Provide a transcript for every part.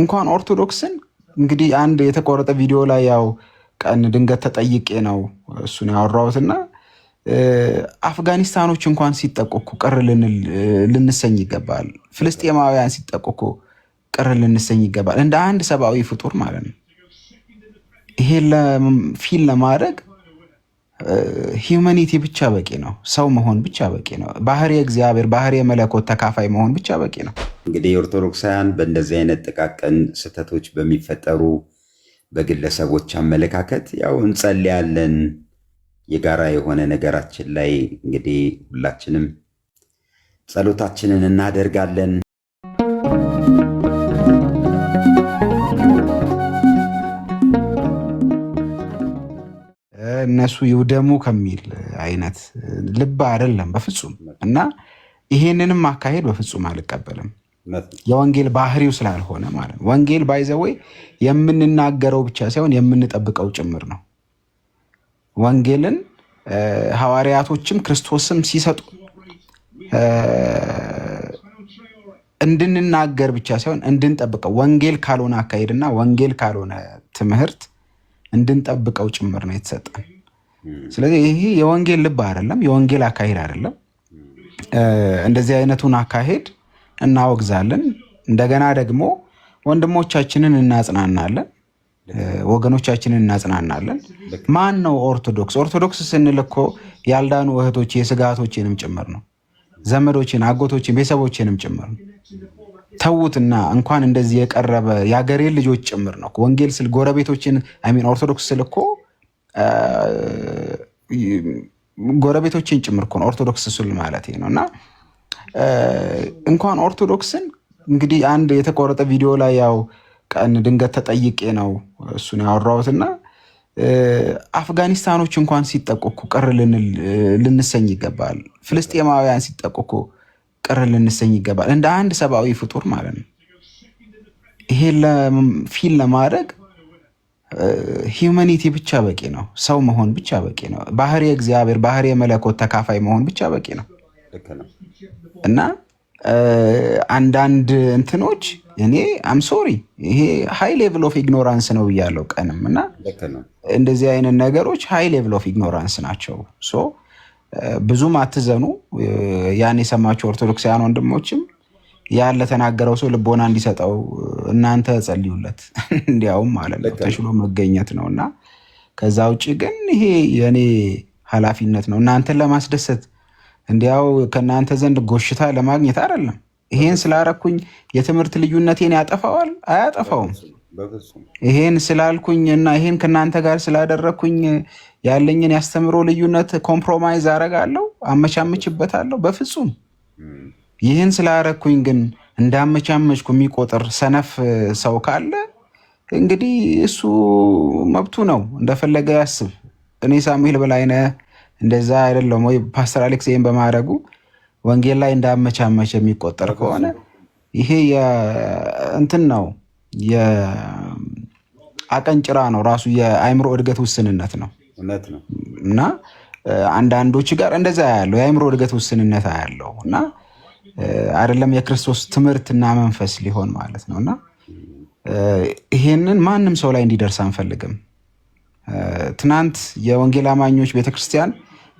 እንኳን ኦርቶዶክስን እንግዲህ አንድ የተቆረጠ ቪዲዮ ላይ ያው ቀን ድንገት ተጠይቄ ነው እሱን ያወራሁት እና አፍጋኒስታኖች እንኳን ሲጠቁ እኮ ቅር ልንሰኝ ይገባል። ፍልስጤማውያን ሲጠቁ እኮ ቅር ልንሰኝ ይገባል። እንደ አንድ ሰብአዊ ፍጡር ማለት ነው። ይሄ ፊል ለማድረግ ሂውማኒቲ ብቻ በቂ ነው። ሰው መሆን ብቻ በቂ ነው። ባህሪ እግዚአብሔር ባህሪ መለኮት ተካፋይ መሆን ብቻ በቂ ነው። እንግዲህ ኦርቶዶክሳውያን በእንደዚህ አይነት ጥቃቅን ስህተቶች በሚፈጠሩ በግለሰቦች አመለካከት ያው እንጸልያለን። የጋራ የሆነ ነገራችን ላይ እንግዲህ ሁላችንም ጸሎታችንን እናደርጋለን። እነሱ ይውደሙ ከሚል አይነት ልብ አይደለም በፍጹም እና ይሄንንም አካሄድ በፍጹም አልቀበልም። የወንጌል ባህሪው ስላልሆነ ማለት ነው። ወንጌል ባይዘወይ የምንናገረው ብቻ ሳይሆን የምንጠብቀው ጭምር ነው። ወንጌልን ሐዋርያቶችም ክርስቶስም ሲሰጡ እንድንናገር ብቻ ሳይሆን እንድንጠብቀው ወንጌል ካልሆነ አካሄድና ወንጌል ካልሆነ ትምህርት እንድንጠብቀው ጭምር ነው የተሰጠን። ስለዚህ ይሄ የወንጌል ልብ አይደለም፣ የወንጌል አካሄድ አይደለም። እንደዚህ አይነቱን አካሄድ እናወግዛለን። እንደገና ደግሞ ወንድሞቻችንን እናጽናናለን፣ ወገኖቻችንን እናጽናናለን። ማን ነው ኦርቶዶክስ? ኦርቶዶክስ ስንል እኮ ያልዳኑ እህቶች የስጋቶችንም ጭምር ነው ዘመዶችን፣ አጎቶችን፣ ቤተሰቦችንም ጭምር ነው። ተዉትና እንኳን እንደዚህ የቀረበ የአገሬ ልጆች ጭምር ነው። ወንጌል ስል ጎረቤቶችን ሚን ኦርቶዶክስ ስል እኮ ጎረቤቶችን ጭምር እኮ ነው ኦርቶዶክስ ስል ማለት ነው እና እንኳን ኦርቶዶክስን እንግዲህ አንድ የተቆረጠ ቪዲዮ ላይ ያው ቀን ድንገት ተጠይቄ ነው እሱን ያወራሁት እና አፍጋኒስታኖች እንኳን ሲጠቁ እኮ ቅር ልንሰኝ ይገባል። ፍልስጤማውያን ሲጠቁ እኮ ቅር ልንሰኝ ይገባል። እንደ አንድ ሰብአዊ ፍጡር ማለት ነው። ይሄ ፊል ለማድረግ ሂዩማኒቲ ብቻ በቂ ነው። ሰው መሆን ብቻ በቂ ነው። ባህሪ እግዚአብሔር ባህሪ መለኮት ተካፋይ መሆን ብቻ በቂ ነው። እና አንዳንድ እንትኖች እኔ አም ሶሪ ይሄ ሃይ ሌቭል ኦፍ ኢግኖራንስ ነው ብያለው ቀንም እና እንደዚህ አይነት ነገሮች ሃይ ሌቭል ኦፍ ኢግኖራንስ ናቸው። ሶ ብዙም አትዘኑ። ያን የሰማችሁ ኦርቶዶክሳውያን ወንድሞችም ያን ለተናገረው ሰው ልቦና እንዲሰጠው እናንተ ጸልዩለት። እንዲያውም ማለት ነው ተሽሎ መገኘት ነው እና ከዛ ውጭ ግን ይሄ የእኔ ኃላፊነት ነው እናንተን ለማስደሰት እንዲያው ከእናንተ ዘንድ ጎሽታ ለማግኘት አይደለም። ይሄን ስላረኩኝ የትምህርት ልዩነቴን ያጠፋዋል? አያጠፋውም። ይሄን ስላልኩኝ እና ይሄን ከእናንተ ጋር ስላደረግኩኝ ያለኝን ያስተምሮ ልዩነት ኮምፕሮማይዝ አረጋለሁ፣ አመቻመችበታለሁ? በፍጹም። ይህን ስላረኩኝ ግን እንዳመቻመችኩ የሚቆጥር ሰነፍ ሰው ካለ እንግዲህ እሱ መብቱ ነው፣ እንደፈለገ ያስብ። እኔ ሳሙኤል በላይነህ እንደዛ አይደለም ወይ? ፓስተር አሌክስ ይህን በማድረጉ ወንጌል ላይ እንዳመቻመች የሚቆጠር ከሆነ ይሄ እንትን ነው፣ የአቀንጭራ ነው ራሱ የአእምሮ እድገት ውስንነት ነው እና አንዳንዶች ጋር እንደዛ ያለው የአይምሮ እድገት ውስንነት ያለው እና አይደለም የክርስቶስ ትምህርትና መንፈስ ሊሆን ማለት ነው እና ይሄንን ማንም ሰው ላይ እንዲደርስ አንፈልግም። ትናንት የወንጌል አማኞች ቤተክርስቲያን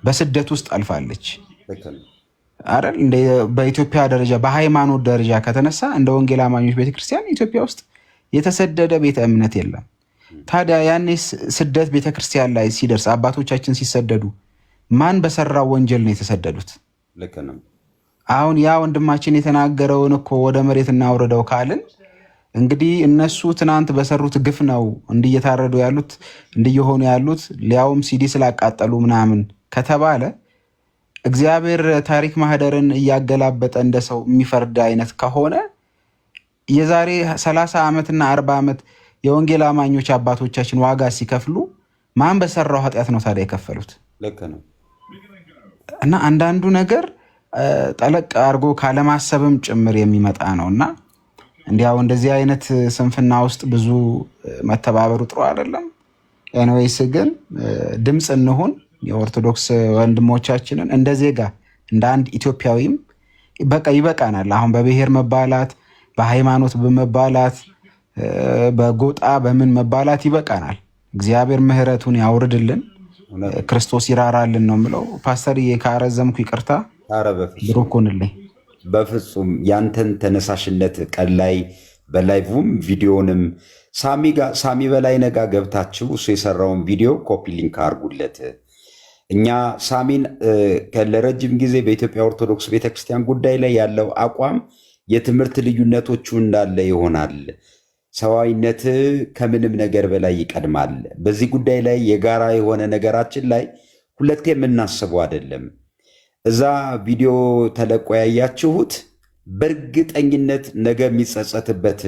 በስደት ውስጥ አልፋለች አይደል? በኢትዮጵያ ደረጃ በሃይማኖት ደረጃ ከተነሳ እንደ ወንጌል አማኞች ቤተክርስቲያን ኢትዮጵያ ውስጥ የተሰደደ ቤተ እምነት የለም። ታዲያ ያኔ ስደት ቤተክርስቲያን ላይ ሲደርስ አባቶቻችን ሲሰደዱ ማን በሰራው ወንጀል ነው የተሰደዱት? አሁን ያ ወንድማችን የተናገረውን እኮ ወደ መሬት እናውረደው ካልን እንግዲህ እነሱ ትናንት በሰሩት ግፍ ነው እንዲየታረዱ ያሉት እንዲየሆኑ ያሉት ሊያውም ሲዲ ስላቃጠሉ ምናምን ከተባለ እግዚአብሔር ታሪክ ማህደርን እያገላበጠ እንደ ሰው የሚፈርድ አይነት ከሆነ የዛሬ ሰላሳ ዓመትና አርባ ዓመት የወንጌል አማኞች አባቶቻችን ዋጋ ሲከፍሉ ማን በሰራው ኃጢአት ነው ታዲያ የከፈሉት? ልክ ነው። እና አንዳንዱ ነገር ጠለቅ አድርጎ ካለማሰብም ጭምር የሚመጣ ነው እና እንዲያው እንደዚህ አይነት ስንፍና ውስጥ ብዙ መተባበሩ ጥሩ አይደለም። ኤንዌይስ ግን ድምፅ እንሁን። የኦርቶዶክስ ወንድሞቻችንን እንደ ዜጋ እንደ አንድ ኢትዮጵያዊም በቃ ይበቃናል። አሁን በብሔር መባላት፣ በሃይማኖት በመባላት፣ በጎጣ በምን መባላት ይበቃናል። እግዚአብሔር ምሕረቱን ያውርድልን፣ ክርስቶስ ይራራልን ነው የምለው። ፓስተርዬ ካረዘምኩ ይቅርታ ብሩኩንልኝ። በፍጹም ያንተን ተነሳሽነት ቀን ላይ በላይቭም ቪዲዮንም ሳሚ በላይ ነጋ ገብታችሁ እሱ የሰራውን ቪዲዮ ኮፒ ሊንክ አርጉለት። እኛ ሳሚን ለረጅም ጊዜ በኢትዮጵያ ኦርቶዶክስ ቤተክርስቲያን ጉዳይ ላይ ያለው አቋም የትምህርት ልዩነቶቹ እንዳለ ይሆናል። ሰዋዊነት ከምንም ነገር በላይ ይቀድማል። በዚህ ጉዳይ ላይ የጋራ የሆነ ነገራችን ላይ ሁለቴ የምናስበው አይደለም። እዛ ቪዲዮ ተለቆ ያያችሁት በእርግጠኝነት ነገ የሚጸጸትበት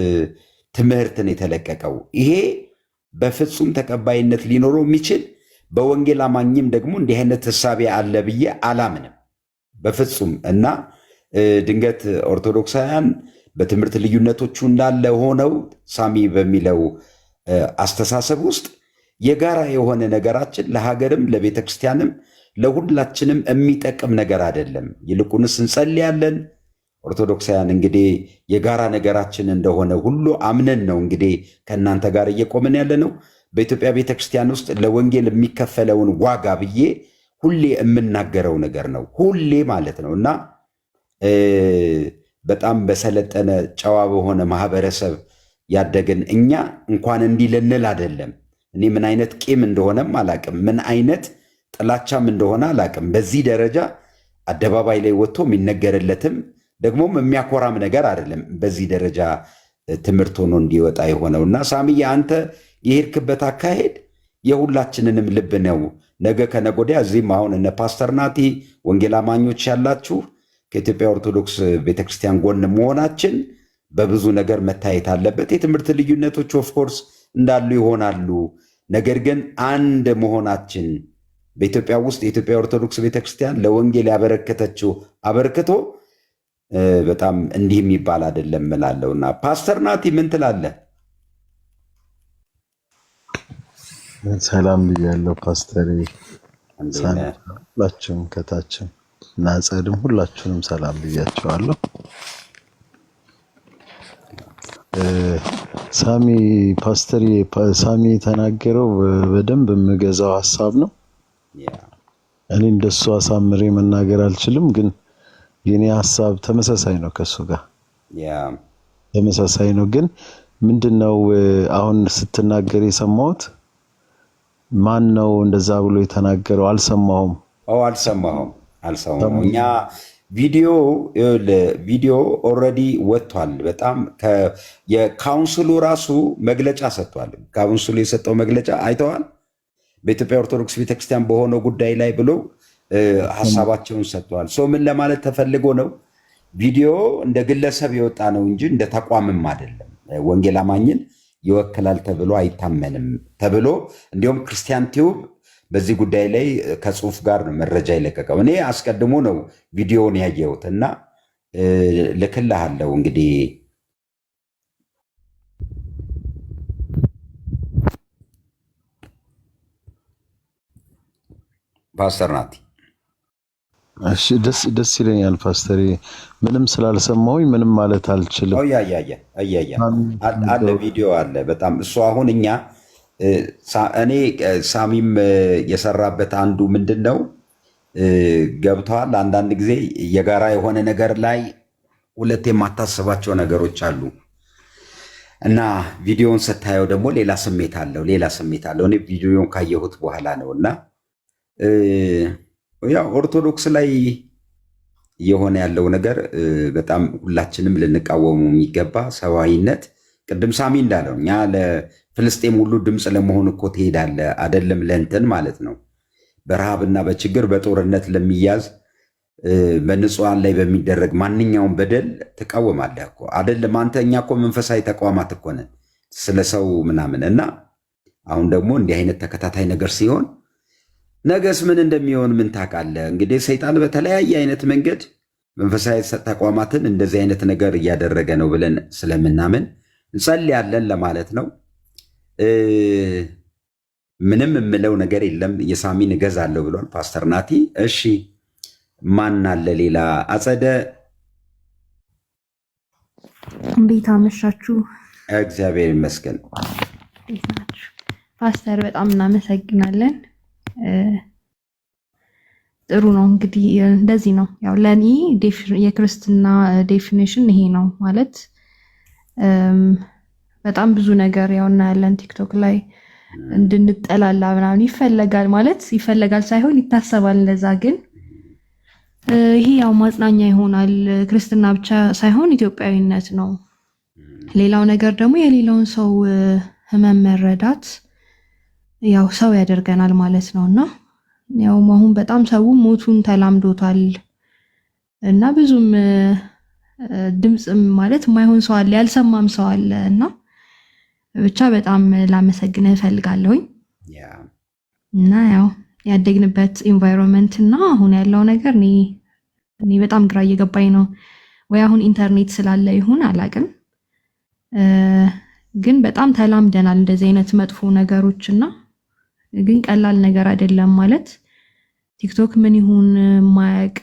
ትምህርትን የተለቀቀው ይሄ በፍጹም ተቀባይነት ሊኖረው የሚችል በወንጌል አማኝም ደግሞ እንዲህ አይነት ህሳቤ አለ ብዬ አላምንም በፍጹም። እና ድንገት ኦርቶዶክሳውያን በትምህርት ልዩነቶቹ እንዳለ ሆነው ሳሚ በሚለው አስተሳሰብ ውስጥ የጋራ የሆነ ነገራችን ለሀገርም ለቤተ ክርስቲያንም ለሁላችንም የሚጠቅም ነገር አይደለም። ይልቁንስ እንጸልያለን። ኦርቶዶክሳውያን እንግዲህ የጋራ ነገራችን እንደሆነ ሁሉ አምነን ነው እንግዲህ ከእናንተ ጋር እየቆምን ያለ ነው። በኢትዮጵያ ቤተክርስቲያን ውስጥ ለወንጌል የሚከፈለውን ዋጋ ብዬ ሁሌ የምናገረው ነገር ነው። ሁሌ ማለት ነው እና በጣም በሰለጠነ ጨዋ በሆነ ማህበረሰብ ያደግን እኛ እንኳን እንዲህ ልንል አይደለም። እኔ ምን አይነት ቂም እንደሆነም አላቅም፣ ምን አይነት ጥላቻም እንደሆነ አላቅም። በዚህ ደረጃ አደባባይ ላይ ወጥቶ የሚነገርለትም ደግሞም የሚያኮራም ነገር አይደለም። በዚህ ደረጃ ትምህርት ሆኖ እንዲወጣ የሆነው እና ሳሚዬ አንተ የሄድክበት አካሄድ የሁላችንንም ልብ ነው። ነገ ከነጎዲያ እዚህም አሁን እነ ፓስተር ናቲ ወንጌል አማኞች ያላችሁ ከኢትዮጵያ ኦርቶዶክስ ቤተክርስቲያን ጎን መሆናችን በብዙ ነገር መታየት አለበት። የትምህርት ልዩነቶች ኦፍኮርስ እንዳሉ ይሆናሉ። ነገር ግን አንድ መሆናችን በኢትዮጵያ ውስጥ የኢትዮጵያ ኦርቶዶክስ ቤተክርስቲያን ለወንጌል ያበረከተችው አበርክቶ በጣም እንዲህ የሚባል አይደለም እላለሁና ፓስተር ናቲ ምን ትላለህ? ሰላም ብያለሁ ፓስተሬ ሁላችሁም ከታችም ናጸድም ሁላችሁንም ሰላም ብያቸዋለሁ። ሳሚ ፓስተር ሳሚ የተናገረው በደንብ የምገዛው ሀሳብ ነው። እኔ እንደሱ አሳምሬ መናገር አልችልም፣ ግን የኔ ሀሳብ ተመሳሳይ ነው ከሱ ጋር ተመሳሳይ ነው። ግን ምንድነው አሁን ስትናገር የሰማሁት ማን ነው እንደዛ ብሎ የተናገረው? አልሰማሁም። አልሰማሁም፣ አልሰማሁም። እኛ ቪዲዮ ቪዲዮ ኦልሬዲ ወጥቷል። በጣም የካውንስሉ ራሱ መግለጫ ሰጥቷል። ካውንስሉ የሰጠው መግለጫ አይተዋል። በኢትዮጵያ ኦርቶዶክስ ቤተክርስቲያን በሆነው ጉዳይ ላይ ብሎ ሀሳባቸውን ሰጥተዋል። ሰው ምን ለማለት ተፈልጎ ነው? ቪዲዮ እንደ ግለሰብ የወጣ ነው እንጂ እንደ ተቋምም አይደለም። ወንጌል አማኝን ይወክላል ተብሎ አይታመንም ተብሎ እንዲሁም ክርስቲያን ቲዩብ በዚህ ጉዳይ ላይ ከጽሁፍ ጋር ነው መረጃ የለቀቀው። እኔ አስቀድሞ ነው ቪዲዮውን ያየሁት እና ልክልሃለው እንግዲህ ፓስተር ናቲ እሺ ደስ ደስ ይለኛል ፓስተር። ምንም ስላልሰማሁኝ ምንም ማለት አልችልም። አለ ቪዲዮ አለ በጣም እሱ አሁን እኛ እኔ ሳሚም የሰራበት አንዱ ምንድን ነው ገብተዋል። አንዳንድ ጊዜ የጋራ የሆነ ነገር ላይ ሁለት የማታስባቸው ነገሮች አሉ እና ቪዲዮውን ስታየው ደግሞ ሌላ ስሜት አለው ሌላ ስሜት አለው። እኔ ቪዲዮውን ካየሁት በኋላ ነው እና ያው ኦርቶዶክስ ላይ የሆነ ያለው ነገር በጣም ሁላችንም ልንቃወሙ የሚገባ ሰብአዊነት፣ ቅድም ሳሚ እንዳለው እኛ ለፍልስጤም ሁሉ ድምፅ ለመሆን እኮ ትሄዳለ አደለም ለእንትን ማለት ነው። በረሃብና በችግር በጦርነት ለሚያዝ በንጹሃን ላይ በሚደረግ ማንኛውም በደል ትቃወማለህ እኮ አደለም አንተ። እኛ እኮ መንፈሳዊ ተቋማት እኮ ነን ስለ ሰው ምናምን እና አሁን ደግሞ እንዲህ አይነት ተከታታይ ነገር ሲሆን ነገስ ምን እንደሚሆን ምን ታውቃለህ? እንግዲህ ሰይጣን በተለያየ አይነት መንገድ መንፈሳዊ ተቋማትን እንደዚህ አይነት ነገር እያደረገ ነው ብለን ስለምናምን እንጸልያለን ለማለት ነው። ምንም የምለው ነገር የለም። የሳሚን እገዛለሁ ብሏል ፓስተር ናቲ። እሺ ማን አለ ሌላ? አጸደ እንዴት አመሻችሁ? እግዚአብሔር ይመስገን ፓስተር፣ በጣም እናመሰግናለን። ጥሩ ነው እንግዲህ እንደዚህ ነው። ያው ለኔ የክርስትና ዴፊኒሽን ይሄ ነው ማለት በጣም ብዙ ነገር ያው እናያለን ቲክቶክ ላይ እንድንጠላላ ምናምን ይፈለጋል ማለት ይፈለጋል ሳይሆን ይታሰባል እንደዛ። ግን ይሄ ያው ማጽናኛ ይሆናል። ክርስትና ብቻ ሳይሆን ኢትዮጵያዊነት ነው። ሌላው ነገር ደግሞ የሌላውን ሰው ህመም መረዳት ያው ሰው ያደርገናል ማለት ነው እና ያውም አሁን በጣም ሰው ሞቱን ተላምዶታል እና ብዙም ድምፅም ማለት የማይሆን ሰው አለ፣ ያልሰማም ሰው አለ እና ብቻ በጣም ላመሰግንህ እፈልጋለሁኝ እና ያው ያደግንበት ኢንቫይሮንመንት እና አሁን ያለው ነገር እኔ በጣም ግራ እየገባኝ ነው። ወይ አሁን ኢንተርኔት ስላለ ይሁን አላቅም፣ ግን በጣም ተላምደናል እንደዚህ አይነት መጥፎ ነገሮች እና ግን ቀላል ነገር አይደለም ማለት ቲክቶክ ምን ይሁን ማያቅ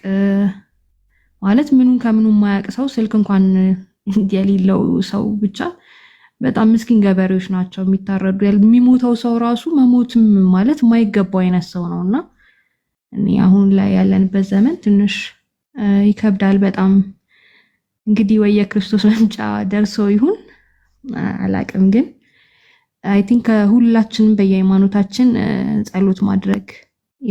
ማለት ምኑን ከምኑ ማያቅ ሰው ስልክ እንኳን የሌለው ሰው ብቻ በጣም ምስኪን ገበሬዎች ናቸው የሚታረዱ። የሚሞተው ሰው ራሱ መሞትም ማለት የማይገባው አይነት ሰው ነው እና አሁን ላይ ያለንበት ዘመን ትንሽ ይከብዳል በጣም እንግዲህ ወይ የክርስቶስ መምጫ ደርሶ ይሁን አላቅም ግን አይ ቲንክ በየሃይማኖታችን ጸሎት ማድረግ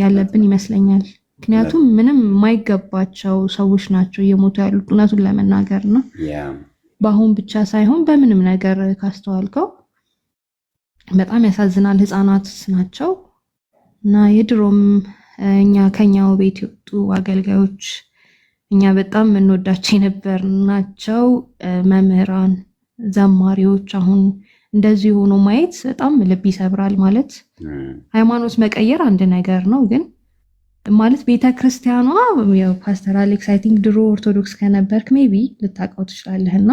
ያለብን ይመስለኛል። ምክንያቱም ምንም የማይገባቸው ሰዎች ናቸው እየሞቱ ያሉት እውነቱን ለመናገር ነው። በአሁን ብቻ ሳይሆን በምንም ነገር ካስተዋልከው በጣም ያሳዝናል። ህፃናት ናቸው እና የድሮም እኛ ከኛው ቤት የወጡ አገልጋዮች እኛ በጣም የምንወዳቸው የነበር ናቸው መምህራን፣ ዘማሪዎች አሁን እንደዚህ ሆኖ ማየት በጣም ልብ ይሰብራል። ማለት ሃይማኖት መቀየር አንድ ነገር ነው፣ ግን ማለት ቤተ ክርስቲያኗ ፓስተር አሌክስ አይ ቲንክ ድሮ ኦርቶዶክስ ከነበርክ ሜቢ ልታውቀው ትችላለህና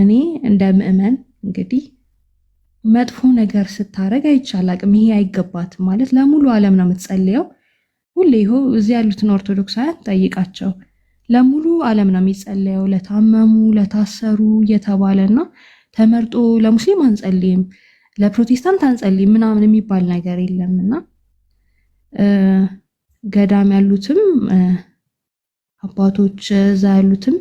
እኔ እንደ ምዕመን እንግዲህ መጥፎ ነገር አይቻል አይቻላቅም። ይሄ አይገባትም ማለት ለሙሉ ዓለም ነው የምትጸልየው። ሁሌ ይሆ እዚህ ያሉትን ኦርቶዶክሳውያን ጠይቃቸው። ለሙሉ ዓለም ነው የሚጸለየው ለታመሙ፣ ለታሰሩ እየተባለ እና ተመርጦ ለሙስሊም አንጸልይም ለፕሮቴስታንት አንጸልይም ምናምን የሚባል ነገር የለም እና ገዳም ያሉትም አባቶች እዛ ያሉትም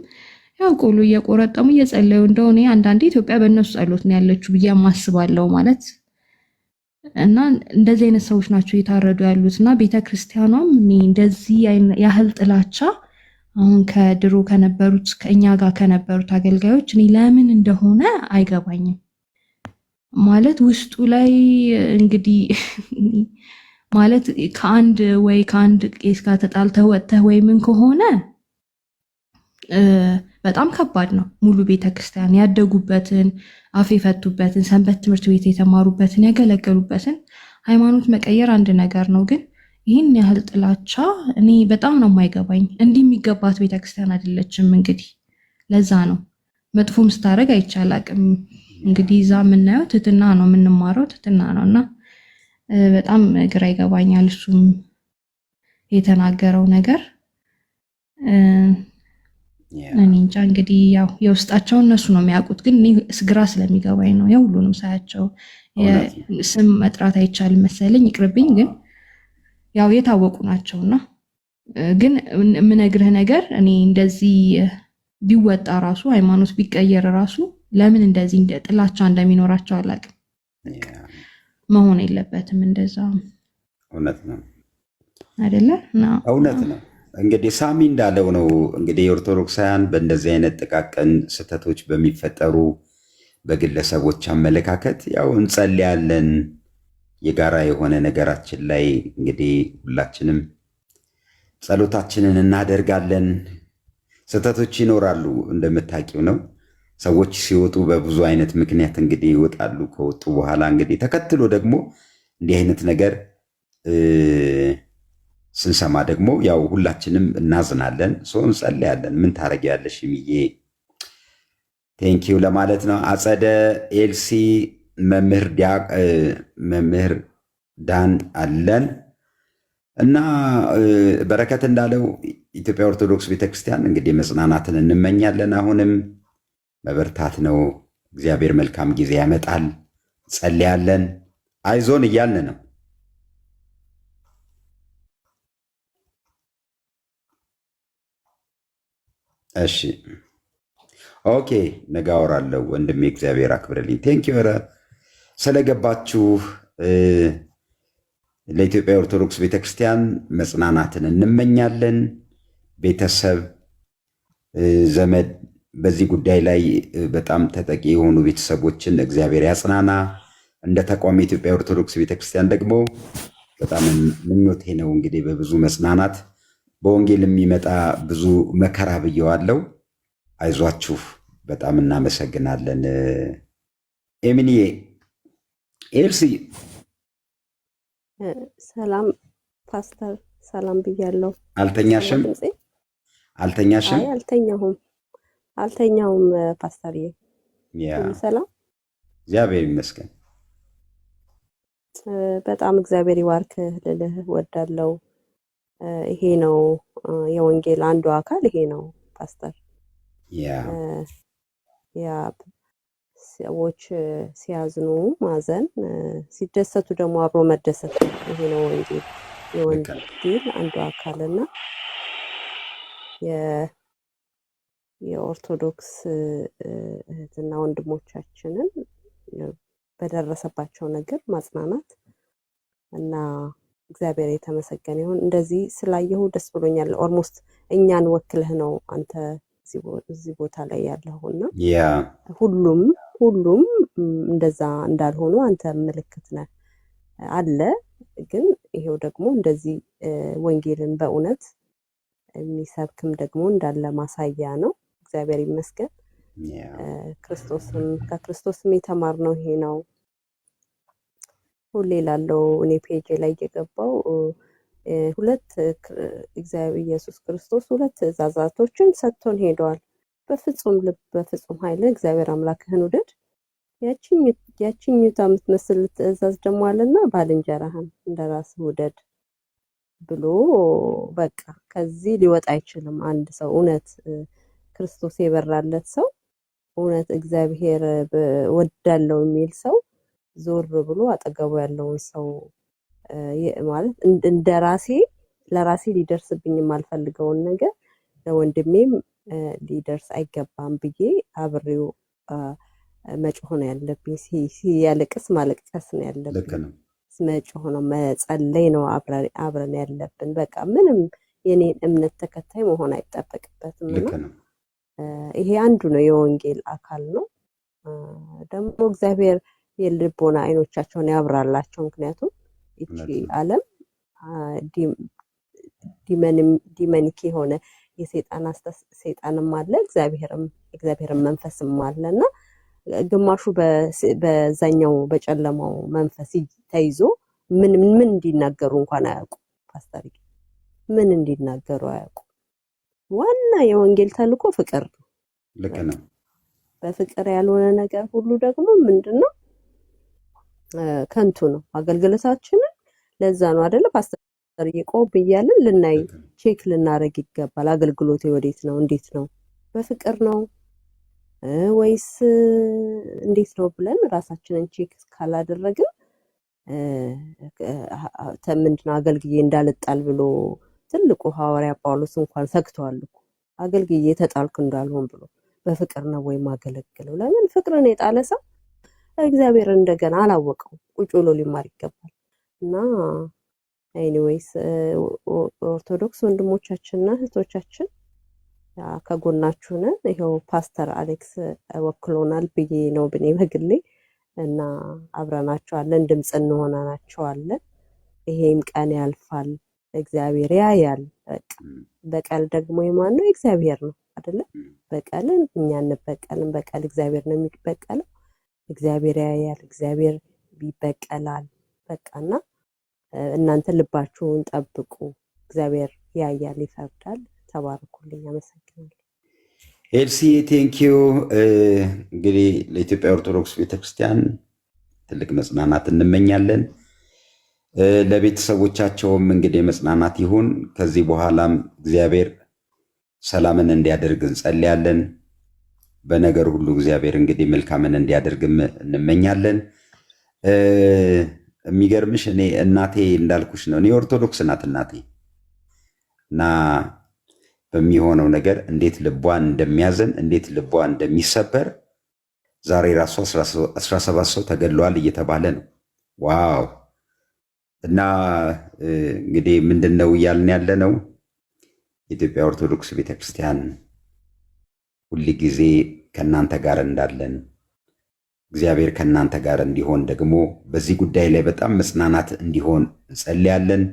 ያው ቆሎ እየቆረጠሙ እየጸለዩ እንደው እኔ አንዳንዴ ኢትዮጵያ በእነሱ ጸሎት ነው ያለችው ብዬ ማስባለው ማለት እና እንደዚህ አይነት ሰዎች ናቸው እየታረዱ ያሉት እና ቤተክርስቲያኗም እንደዚህ ያህል ጥላቻ አሁን ከድሮ ከነበሩት ከእኛ ጋር ከነበሩት አገልጋዮች እኔ ለምን እንደሆነ አይገባኝም። ማለት ውስጡ ላይ እንግዲህ ማለት ከአንድ ወይ ከአንድ ቄስ ጋር ተጣልተህ ወጥተህ ወይ ምን ከሆነ በጣም ከባድ ነው። ሙሉ ቤተክርስቲያን ያደጉበትን አፍ የፈቱበትን ሰንበት ትምህርት ቤት የተማሩበትን ያገለገሉበትን ሃይማኖት መቀየር አንድ ነገር ነው ግን ይህን ያህል ጥላቻ እኔ በጣም ነው የማይገባኝ። እንዲህ የሚገባት ቤተክርስቲያን አይደለችም። እንግዲህ ለዛ ነው መጥፎም ስታደርግ አይቻላቅም። እንግዲህ እዛ የምናየው ትትና ነው የምንማረው ትትና ነው እና በጣም ግራ ይገባኛል። እሱም የተናገረው ነገር እኔ እንጃ። እንግዲህ ያው የውስጣቸው እነሱ ነው የሚያውቁት፣ ግን እኔ ግራ ስለሚገባኝ ነው የሁሉንም ሳያቸው ስም መጥራት አይቻልም መሰለኝ ይቅርብኝ ግን ያው የታወቁ ናቸውና ግን የምነግርህ ነገር እኔ እንደዚህ ቢወጣ ራሱ ሃይማኖት ቢቀየር ራሱ ለምን እንደዚህ ጥላቻ እንደሚኖራቸው አላውቅም። መሆን የለበትም እንደዛ። እውነት ነው አይደለ? እውነት ነው። እንግዲህ ሳሚ እንዳለው ነው እንግዲህ የኦርቶዶክሳውያን በእንደዚህ አይነት ጥቃቅን ስህተቶች በሚፈጠሩ በግለሰቦች አመለካከት ያው እንጸልያለን የጋራ የሆነ ነገራችን ላይ እንግዲህ ሁላችንም ጸሎታችንን እናደርጋለን። ስህተቶች ይኖራሉ እንደምታውቂው ነው። ሰዎች ሲወጡ በብዙ አይነት ምክንያት እንግዲህ ይወጣሉ። ከወጡ በኋላ እንግዲህ ተከትሎ ደግሞ እንዲህ አይነት ነገር ስንሰማ ደግሞ ያው ሁላችንም እናዝናለን። ሰው እንጸለያለን። ምን ታደርጊያለሽ ሚዬ ቴንኪው ለማለት ነው። አጸደ ኤልሲ መምህር ዳን አለን እና በረከት እንዳለው ኢትዮጵያ ኦርቶዶክስ ቤተክርስቲያን እንግዲህ መጽናናትን እንመኛለን። አሁንም መበርታት ነው። እግዚአብሔር መልካም ጊዜ ያመጣል። ጸልያለን። አይዞን እያልን ነው። እሺ ኦኬ፣ ነገ አወራለሁ ወንድሜ። እግዚአብሔር አክብርልኝ። ቴንክ ዩ ስለገባችሁ ለኢትዮጵያ ኦርቶዶክስ ቤተክርስቲያን መጽናናትን እንመኛለን። ቤተሰብ ዘመድ በዚህ ጉዳይ ላይ በጣም ተጠቂ የሆኑ ቤተሰቦችን እግዚአብሔር ያጽናና። እንደ ተቋም የኢትዮጵያ ኦርቶዶክስ ቤተክርስቲያን ደግሞ በጣም ምኞቴ ነው እንግዲህ በብዙ መጽናናት በወንጌል የሚመጣ ብዙ መከራ ብየዋለው። አይዟችሁ፣ በጣም እናመሰግናለን ኤሚኒዬ ኤልሲ ሰላም ፓስተር፣ ሰላም ብያለሁ። አልተኛሽም? አልተኛሽም? አልተኛሁም፣ አልተኛሁም አልተኛውም ፓስተር። ፓስተርዬ ሰላም፣ እግዚአብሔር ይመስገን። በጣም እግዚአብሔር ይዋርክ ልልህ ወዳለው ይሄ ነው የወንጌል አንዱ አካል ይሄ ነው ፓስተር። ያ ሰዎች ሲያዝኑ ማዘን፣ ሲደሰቱ ደግሞ አብሮ መደሰት ይሄ ነው ወንጌል። የወንጌል አንዱ አካልና የኦርቶዶክስ እህትና ወንድሞቻችንን በደረሰባቸው ነገር ማጽናናት እና እግዚአብሔር የተመሰገነ ይሁን። እንደዚህ ስላየሁ ደስ ብሎኛል። ኦልሞስት እኛን ወክልህ ነው አንተ እዚህ ቦታ ላይ ያለሁና ሁሉም ሁሉም እንደዛ እንዳልሆኑ አንተ ምልክት ነህ አለ። ግን ይሄው ደግሞ እንደዚህ ወንጌልን በእውነት የሚሰብክም ደግሞ እንዳለ ማሳያ ነው። እግዚአብሔር ይመስገን። ክርስቶስም ከክርስቶስም የተማርነው ይሄ ነው። ሁሌ ላለው እኔ ፔጅ ላይ እየገባው ሁለት ኢየሱስ ክርስቶስ ሁለት ትእዛዛቶችን ሰጥቶን ሄደዋል። በፍጹም ልብ በፍጹም ኃይል እግዚአብሔር አምላክህን ውደድ። ያችኝቷ የምትመስል ትእዛዝ ደግሞ አለና ባልንጀራህን እንደ ራስህ ውደድ ብሎ በቃ ከዚህ ሊወጣ አይችልም። አንድ ሰው እውነት ክርስቶስ የበራለት ሰው እውነት እግዚአብሔር ወዳለው የሚል ሰው ዞር ብሎ አጠገቡ ያለውን ሰው ማለት እንደ ራሴ ለራሴ ሊደርስብኝ የማልፈልገውን ነገር ለወንድሜም ሊደርስ አይገባም ብዬ አብሬው መጮህ ነው ያለብኝ። ሲያለቅስ ማለቅቀስ ነው ያለብኝ። መጮህ ነው መጸለይ ነው አብረን ያለብን። በቃ ምንም የኔን እምነት ተከታይ መሆን አይጠበቅበትም ይሄ አንዱ ነው የወንጌል አካል ነው። ደግሞ እግዚአብሔር የልቦና አይኖቻቸውን ያብራላቸው። ምክንያቱም ይቺ ዓለም ዲመኒክ የሆነ ሰይጣንም አለ እግዚአብሔርም መንፈስም አለ እና ግማሹ በዛኛው በጨለማው መንፈስ ተይዞ ምን ምን እንዲናገሩ እንኳን አያውቁም። ፓስተር ምን እንዲናገሩ አያውቁም። ዋና የወንጌል ተልእኮ ፍቅር ነው። ልክ ነው። በፍቅር ያልሆነ ነገር ሁሉ ደግሞ ምንድነው? ከንቱ ነው። አገልግሎታችንን ለዛ ነው አደለ ፓስተር ቆብ ብያለን ልናይ ቼክ ልናደረግ ይገባል። አገልግሎቴ ወዴት ነው? እንዴት ነው? በፍቅር ነው ወይስ እንዴት ነው ብለን ራሳችንን ቼክ ካላደረግን ምንድነው አገልግዬ እንዳልጣል ብሎ ትልቁ ሐዋርያ ጳውሎስ እንኳን ሰግተዋል እኮ አገልግዬ ተጣልኩ እንዳልሆን ብሎ በፍቅር ነው ወይም አገለግለው። ለምን ፍቅርን የጣለ ሰው እግዚአብሔር እንደገና አላወቀው ቁጭ ብሎ ሊማር ይገባል እና ኤኒዌይስ ኦርቶዶክስ ወንድሞቻችንና እህቶቻችን ከጎናችሁ ነን። ይኸው ፓስተር አሌክስ ወክሎናል ብዬ ነው ብኔ በግሌ እና አብረናቸዋለን፣ ድምፅ እንሆናናቸዋለን። ይሄም ቀን ያልፋል፣ እግዚአብሔር ያያል። በቀል ደግሞ የማን ነው? እግዚአብሔር ነው አደለ? በቀልን እኛ እንበቀልን፣ በቀል እግዚአብሔር ነው የሚበቀለው። እግዚአብሔር ያያል፣ እግዚአብሔር ይበቀላል። በቃና እናንተ ልባችሁን ጠብቁ። እግዚአብሔር ያያል፣ ይፈርዳል። ተባርኩልኝ። አመሰግናለሁ። ኤልሲ ቴንኪዩ። እንግዲህ ለኢትዮጵያ ኦርቶዶክስ ቤተክርስቲያን ትልቅ መጽናናት እንመኛለን። ለቤተሰቦቻቸውም እንግዲህ መጽናናት ይሁን። ከዚህ በኋላም እግዚአብሔር ሰላምን እንዲያደርግ እንጸልያለን። በነገር ሁሉ እግዚአብሔር እንግዲህ መልካምን እንዲያደርግም እንመኛለን። የሚገርምሽ እኔ እናቴ እንዳልኩሽ ነው። እኔ ኦርቶዶክስ ናት እናቴ እና በሚሆነው ነገር እንዴት ልቧ እንደሚያዘን እንዴት ልቧ እንደሚሰበር ዛሬ ራሱ 17 ሰው ተገድለዋል እየተባለ ነው። ዋው! እና እንግዲህ ምንድን ነው እያልን ያለ ነው የኢትዮጵያ ኦርቶዶክስ ቤተክርስቲያን ሁል ጊዜ ከእናንተ ጋር እንዳለን እግዚአብሔር ከእናንተ ጋር እንዲሆን ደግሞ በዚህ ጉዳይ ላይ በጣም መጽናናት እንዲሆን እንጸልያለን።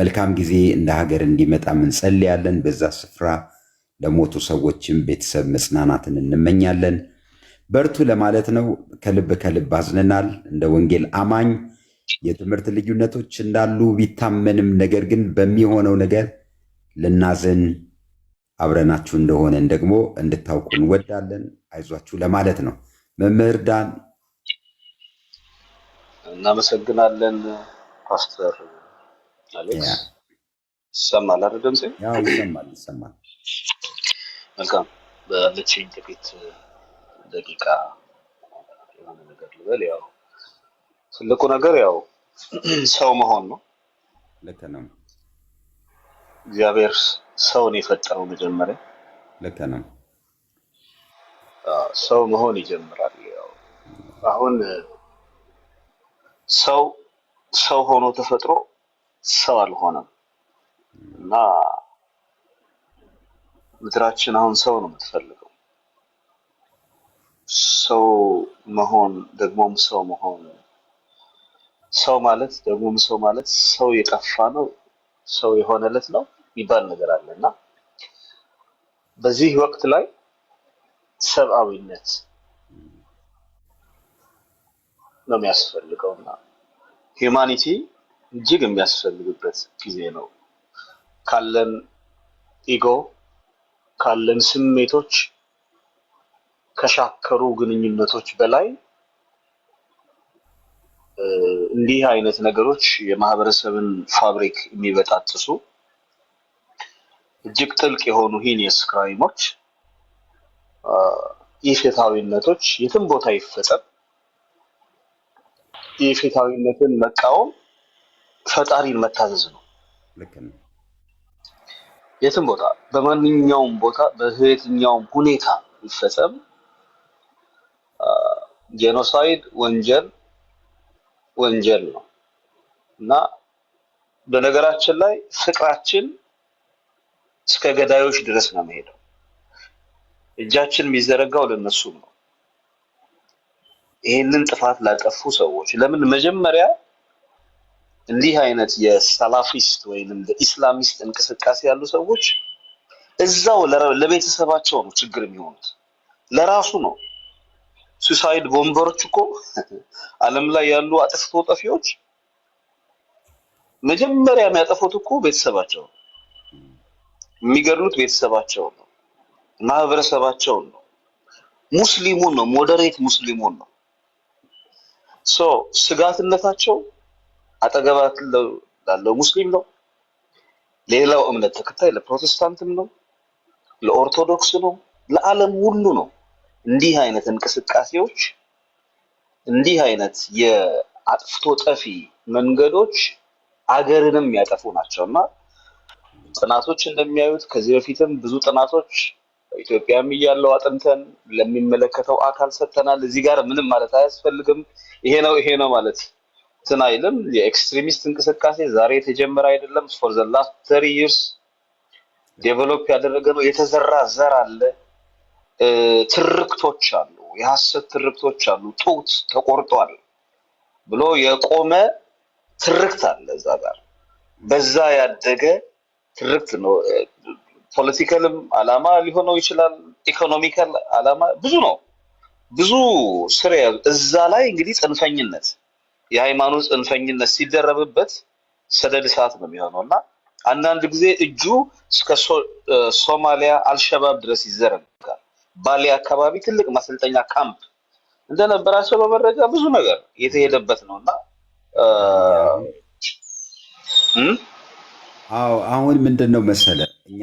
መልካም ጊዜ እንደ ሀገር እንዲመጣም እንጸልያለን። በዛ ስፍራ ለሞቱ ሰዎችም ቤተሰብ መጽናናትን እንመኛለን። በርቱ ለማለት ነው። ከልብ ከልብ አዝነናል። እንደ ወንጌል አማኝ የትምህርት ልዩነቶች እንዳሉ ቢታመንም፣ ነገር ግን በሚሆነው ነገር ልናዝን አብረናችሁ እንደሆነን ደግሞ እንድታውቁ እንወዳለን። አይዟችሁ ለማለት ነው። መምህር ዳን እናመሰግናለን። ፓስተር አሌክስ ይሰማል አይደል? ድምጼ ይሰማል? ይሰማል። መልካም። በለችኝ ጥቂት ደቂቃ የሆነ ነገር ልበል። ያው ትልቁ ነገር ያው ሰው መሆን ነው። ልክ ነው። እግዚአብሔር ሰውን የፈጠረው መጀመሪያ ልክ ነው። ሰው መሆን ይጀምራል። ያው አሁን ሰው ሰው ሆኖ ተፈጥሮ ሰው አልሆነም እና ምድራችን አሁን ሰው ነው የምትፈልገው። ሰው መሆን ደግሞም ሰው መሆን ሰው ማለት ደግሞም ሰው ማለት ሰው የጠፋ ነው ሰው የሆነለት ነው የሚባል ነገር አለ እና በዚህ ወቅት ላይ ሰብአዊነት ነው የሚያስፈልገው እና ሂዩማኒቲ እጅግ የሚያስፈልግበት ጊዜ ነው። ካለን ኢጎ ካለን ስሜቶች ከሻከሩ ግንኙነቶች በላይ እንዲህ አይነት ነገሮች የማህበረሰብን ፋብሪክ የሚበጣጥሱ እጅግ ጥልቅ የሆኑ ሂኒየስ ክራይሞች ኢፍትሐዊነቶች የትም ቦታ ይፈጸም። ኢፍትሐዊነትን መቃወም ፈጣሪን መታዘዝ ነው። የትም ቦታ በማንኛውም ቦታ በየትኛውም ሁኔታ ይፈጸም፣ ጄኖሳይድ ወንጀል ወንጀል ነው እና በነገራችን ላይ ፍቅራችን እስከ ገዳዮች ድረስ ነው መሄደው። እጃችን የሚዘረጋው ለነሱ ነው። ይህንን ጥፋት ላጠፉ ሰዎች ለምን መጀመሪያ እንዲህ አይነት የሰላፊስት ወይንም ኢስላሚስት እንቅስቃሴ ያሉ ሰዎች እዛው ለቤተሰባቸው ነው ችግር የሚሆኑት፣ ለራሱ ነው። ሱሳይድ ቦምበሮች እኮ ዓለም ላይ ያሉ አጥፍቶ ጠፊዎች መጀመሪያ የሚያጠፉት እኮ ቤተሰባቸው ነው። የሚገድሉት ቤተሰባቸው ነው። ማህበረሰባቸውን ነው፣ ሙስሊሙን ነው፣ ሞዴሬት ሙስሊሙን ነው። ሶ ስጋትነታቸው አጠገባት ላለው ሙስሊም ነው። ሌላው እምነት ተከታይ ለፕሮቴስታንትም ነው፣ ለኦርቶዶክስ ነው፣ ለዓለም ሁሉ ነው። እንዲህ አይነት እንቅስቃሴዎች እንዲህ አይነት የአጥፍቶ ጠፊ መንገዶች አገርንም ያጠፉ ናቸው እና ጥናቶች እንደሚያዩት ከዚህ በፊትም ብዙ ጥናቶች ኢትዮጵያም እያለው አጥንተን ለሚመለከተው አካል ሰጥተናል። እዚህ ጋር ምንም ማለት አያስፈልግም። ይሄ ነው ይሄ ነው ማለት እንትን አይልም። የኤክስትሪሚስት እንቅስቃሴ ዛሬ የተጀመረ አይደለም። ፎር ዘ ላስት ተሪ ይርስ ዴቨሎፕ ያደረገ ነው። የተዘራ ዘር አለ። ትርክቶች አሉ፣ የሀሰት ትርክቶች አሉ። ጡት ተቆርጧል ብሎ የቆመ ትርክት አለ እዛ ጋር በዛ ያደገ ትርክት ነው። ፖለቲካልም አላማ ሊሆነው ይችላል። ኢኮኖሚካል አላማ ብዙ ነው፣ ብዙ ስር የያዙ እዛ ላይ እንግዲህ ጽንፈኝነት፣ የሃይማኖት ጽንፈኝነት ሲደረብበት ሰደድ ሰዓት ነው የሚሆነው እና አንዳንድ ጊዜ እጁ እስከ ሶማሊያ አልሸባብ ድረስ ይዘረጋል። ባሌ አካባቢ ትልቅ ማሰልጠኛ ካምፕ እንደነበራቸው በመረጃ ብዙ ነገር የተሄደበት ነው እና አሁን ምንድን ነው መሰለ እኛ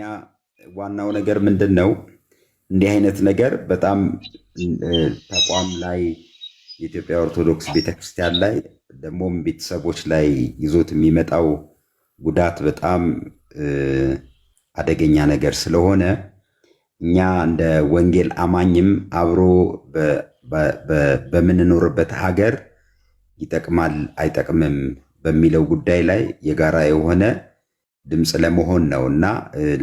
ዋናው ነገር ምንድን ነው? እንዲህ አይነት ነገር በጣም ተቋም ላይ የኢትዮጵያ ኦርቶዶክስ ቤተክርስቲያን ላይ ደግሞም ቤተሰቦች ላይ ይዞት የሚመጣው ጉዳት በጣም አደገኛ ነገር ስለሆነ እኛ እንደ ወንጌል አማኝም አብሮ በምንኖርበት ሀገር ይጠቅማል አይጠቅምም በሚለው ጉዳይ ላይ የጋራ የሆነ ድምፅ ለመሆን ነው እና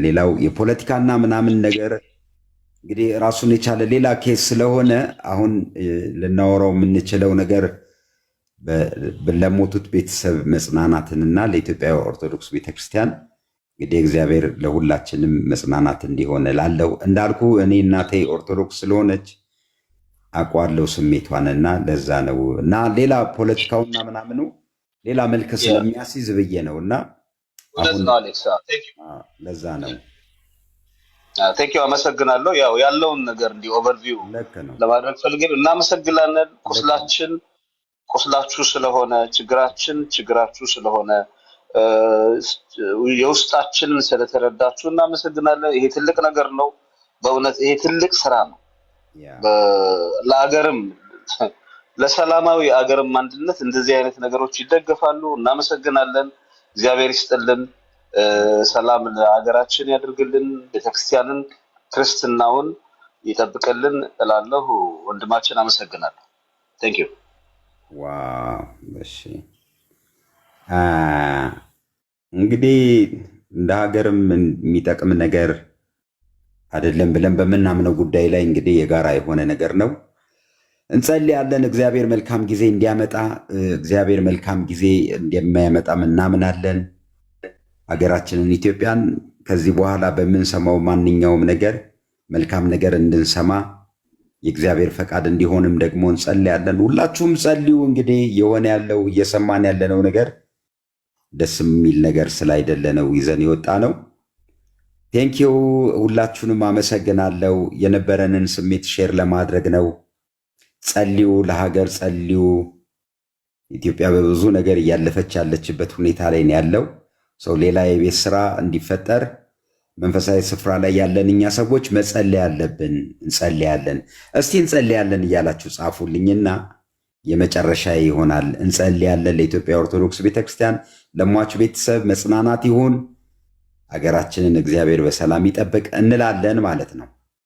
ሌላው የፖለቲካና ምናምን ነገር እንግዲህ ራሱን የቻለ ሌላ ኬስ ስለሆነ አሁን ልናወራው የምንችለው ነገር ለሞቱት ቤተሰብ መጽናናትንና ለኢትዮጵያ ኦርቶዶክስ ቤተክርስቲያን እንግዲህ እግዚአብሔር ለሁላችንም መጽናናት እንዲሆን ላለው እንዳልኩ እኔ እናቴ ኦርቶዶክስ ስለሆነች አውቃለሁ ስሜቷንና ለዛ ነው እና ሌላ ፖለቲካውና ምናምኑ ሌላ መልክ ስለሚያስይዝ ብዬ ነው እና ለዛ ነው ቴንኪ አመሰግናለሁ። ያው ያለውን ነገር እንዲህ ኦቨርቪው ለማድረግ ፈልጌ እናመሰግናለን። ቁስላችን ቁስላችሁ ስለሆነ ችግራችን ችግራችሁ ስለሆነ የውስጣችንን ስለተረዳችሁ እናመሰግናለን። ይሄ ትልቅ ነገር ነው። በእውነት ይሄ ትልቅ ስራ ነው። ለአገርም ለሰላማዊ አገርም አንድነት እንደዚህ አይነት ነገሮች ይደገፋሉ። እናመሰግናለን። እግዚአብሔር ይስጥልን፣ ሰላም ለሀገራችን ያድርግልን፣ ቤተክርስቲያንን ክርስትናውን ይጠብቅልን እላለሁ። ወንድማችን አመሰግናለሁ። ቴንኪው። ዋው እሺ። እንግዲህ እንደ ሀገርም የሚጠቅም ነገር አይደለም ብለን በምናምነው ጉዳይ ላይ እንግዲህ የጋራ የሆነ ነገር ነው። እንጸልያለን። እግዚአብሔር መልካም ጊዜ እንዲያመጣ እግዚአብሔር መልካም ጊዜ እንደማያመጣም እናምናለን። ሀገራችንን ኢትዮጵያን ከዚህ በኋላ በምንሰማው ማንኛውም ነገር መልካም ነገር እንድንሰማ የእግዚአብሔር ፈቃድ እንዲሆንም ደግሞ እንጸልያለን። ሁላችሁም ጸልዩ። እንግዲህ የሆነ ያለው እየሰማን ያለነው ነገር ደስ የሚል ነገር ስላይደለ ነው ይዘን የወጣ ነው። ቴንኪው ሁላችሁንም አመሰግናለሁ። የነበረንን ስሜት ሼር ለማድረግ ነው። ጸልዩ፣ ለሀገር ጸልዩ። ኢትዮጵያ በብዙ ነገር እያለፈች ያለችበት ሁኔታ ላይ ነው ያለው ሰው ሌላ የቤት ስራ እንዲፈጠር መንፈሳዊ ስፍራ ላይ ያለን እኛ ሰዎች መጸለይ አለብን። እንጸለያለን። እስቲ እንጸለያለን እያላችሁ ጻፉልኝና የመጨረሻ ይሆናል። እንጸልያለን ለኢትዮጵያ ኦርቶዶክስ ቤተክርስቲያን፣ ለሟቹ ቤተሰብ መጽናናት ይሁን፣ አገራችንን እግዚአብሔር በሰላም ይጠብቅ እንላለን ማለት ነው።